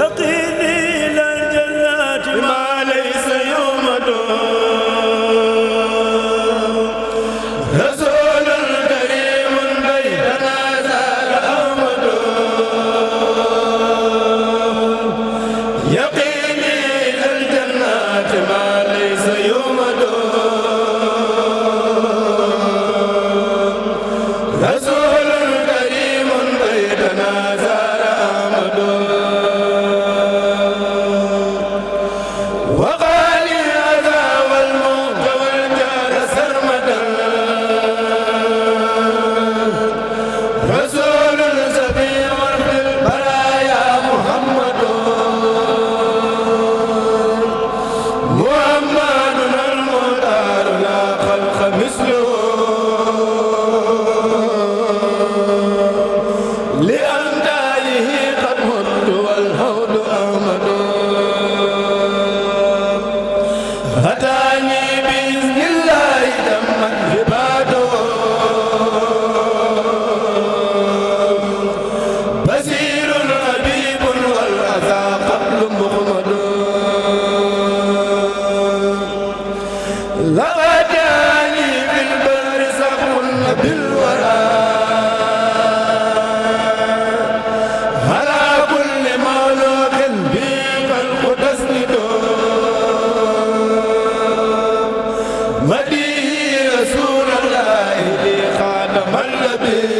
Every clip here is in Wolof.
أقيم man la bi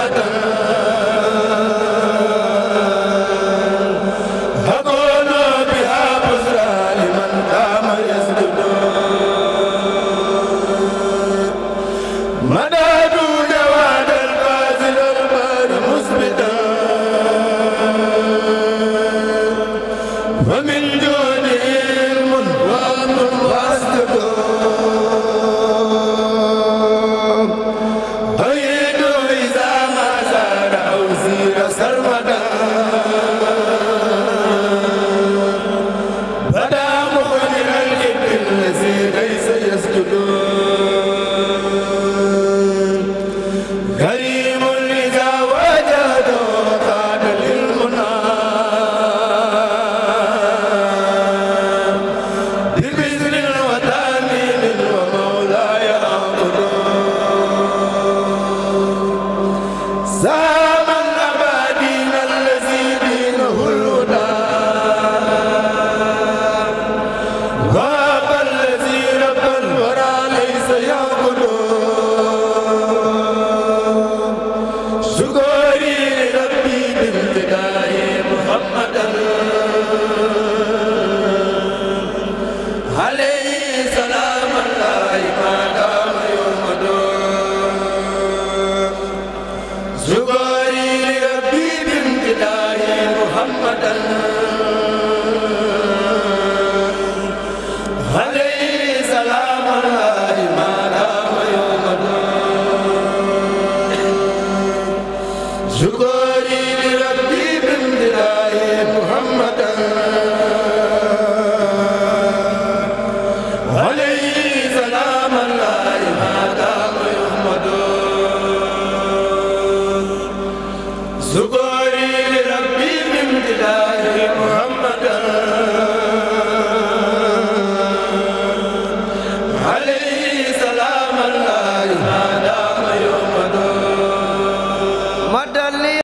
Amin